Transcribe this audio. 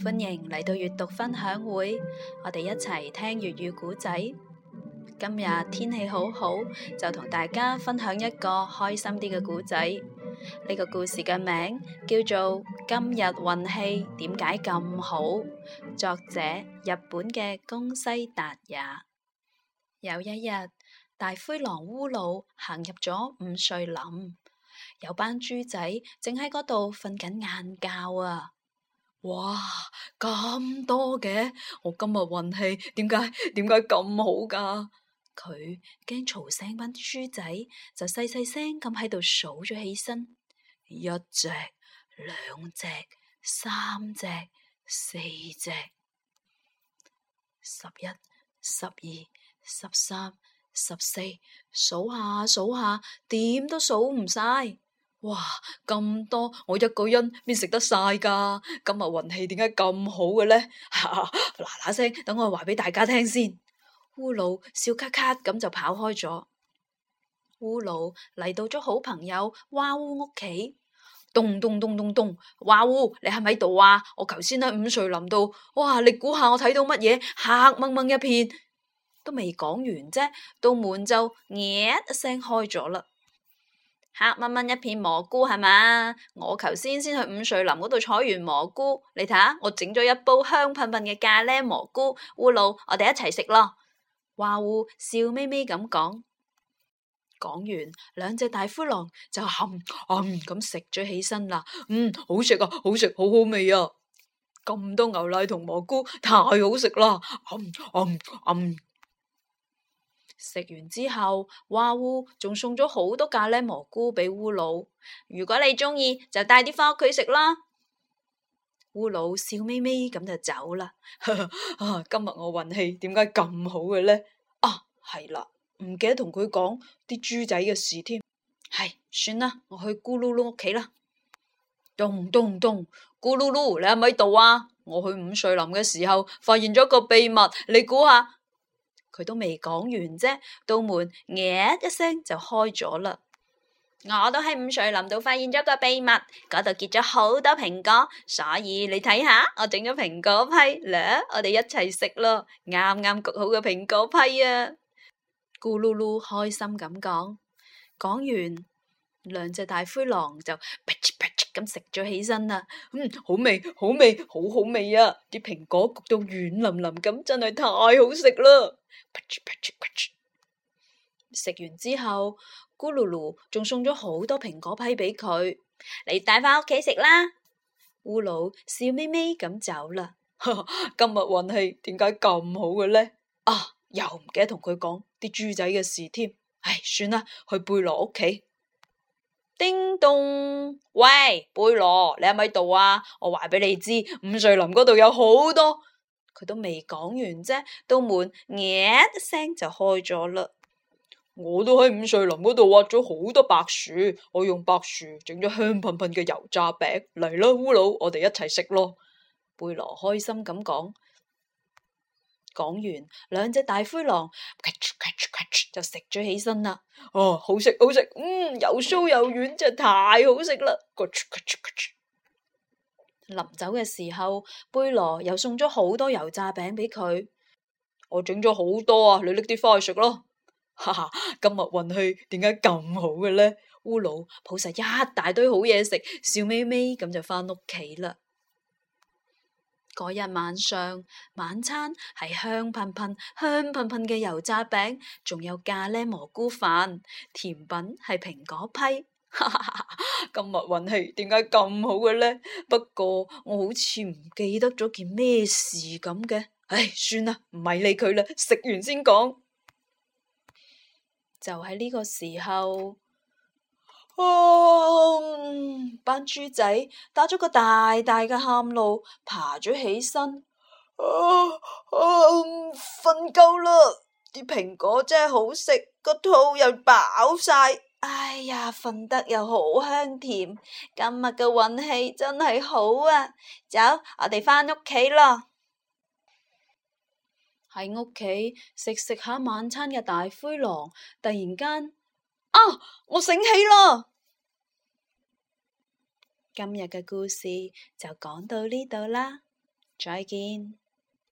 歡迎嚟到閱讀分享會，我哋一齊聽粵語故仔。今日天，天氣好好，就同大家分享一個開心啲嘅故仔。呢、這個故事嘅名叫做《今日運氣點解咁好》，作者日本嘅宮西達也。有一日，大灰狼烏魯行入咗午睡林，有班豬仔正喺嗰度瞓緊晏覺啊！哇，咁多嘅！我今日運氣點解點解咁好噶？佢驚嘈醒班豬仔，就細細聲咁喺度數咗起身，一隻、兩隻、三隻、四隻、十一、十二、十三、十四，數下數下，點都數唔晒。哇！咁多我一個人邊食得晒噶？今日運氣點解咁好嘅咧？嗱嗱聲，等我話俾大家聽先。烏魯笑咳咳咁就跑開咗。烏魯嚟到咗好朋友蛙烏屋企，咚咚咚咚咚，蛙烏你係咪度啊？我頭先喺午睡林到，哇！你估下我睇到乜嘢？黑掹掹一片，都未講完啫，到門就耶一聲開咗啦。黑蚊蚊一片，蘑菇係嘛？我求先先去五瑞林嗰度採完蘑菇，你睇下我整咗一煲香噴噴嘅咖喱蘑菇烏魯，我哋一齊食咯。烏魯、哦、笑眯眯咁講，講完兩隻大灰狼就含含咁食咗起身啦。嗯，好食啊，好食，好好味啊！咁多牛奶同蘑菇太好食啦！含含含。食完之後，哇烏仲送咗好多咖喱蘑菇俾烏魯。如果你鍾意，就帶啲翻屋企食啦。烏魯笑眯眯咁就走啦。 今日我運氣點解咁好嘅咧？啊，係啦，唔記得同佢講啲豬仔嘅事添。係、哎，算啦，我去咕嚕嚕屋企啦。咚咚咚，咕嚕嚕，你喺咪度啊？我去五歲林嘅時候，發現咗個秘密，你估下？佢都未講完啫，道門嘅一聲就開咗啦。我都喺午睡林度發現咗個秘密，嗰度結咗好多蘋果，所以你睇下，我整咗蘋果批，嚟，我哋一齊食咯。啱啱焗好嘅蘋果批啊，咕嚕嚕開心咁講，講完兩隻大灰狼就。咁食咗起身啦，嗯，好味，好味，好好味啊！啲蘋果焗到軟淋淋，咁真係太好食啦！食完之後，咕嚕嚕仲送咗好多蘋果批俾佢，你帶返屋企食啦。烏魯笑眯眯咁走啦。 今日運氣點解咁好嘅咧？啊，又唔記得同佢講啲豬仔嘅事添。唉，算啦，去貝羅屋企。叮咚，喂，貝羅，你喺咪度啊？我話俾你知，五瑞林嗰度有好多。佢都未講完啫，都門一聲就開咗嘞。我都喺五瑞林嗰度挖咗好多白薯，我用白薯整咗香噴噴嘅油炸餅嚟啦，烏魯，我哋一齊食咯。貝羅開心咁講，講完兩隻大灰狼，就食咗起身啦！哦，好食好食，嗯，又酥又軟，真係太好食啦！臨走嘅時候，貝羅又送咗好多油炸餅俾佢。我整咗好多啊，你拎啲翻去食咯！哈 哈，今日運氣點解咁好嘅咧？烏魯抱實一大堆好嘢食，笑眯眯咁就翻屋企啦。嗰日晚上晚餐係香噴噴、香噴噴嘅油炸餅，仲有咖喱蘑菇飯，甜品係蘋果批。 今日運氣點解咁好嘅呢？不過我好似唔記得咗件咩事咁嘅。唉、哎，算啦，唔係理佢啦，食完先講。就喺呢個時候。哦嗯、班豬仔打咗個大大嘅喊露，爬咗起身。瞓夠啦，啲、啊、蘋果真係好食，個肚又飽晒。哎呀，瞓得又好香甜，今日嘅運氣真係好啊！走，我哋返屋企啦。喺屋企食食下晚餐嘅大灰狼，突然間。哦，我醒起咯，今日嘅故事就講到呢度啦，再見。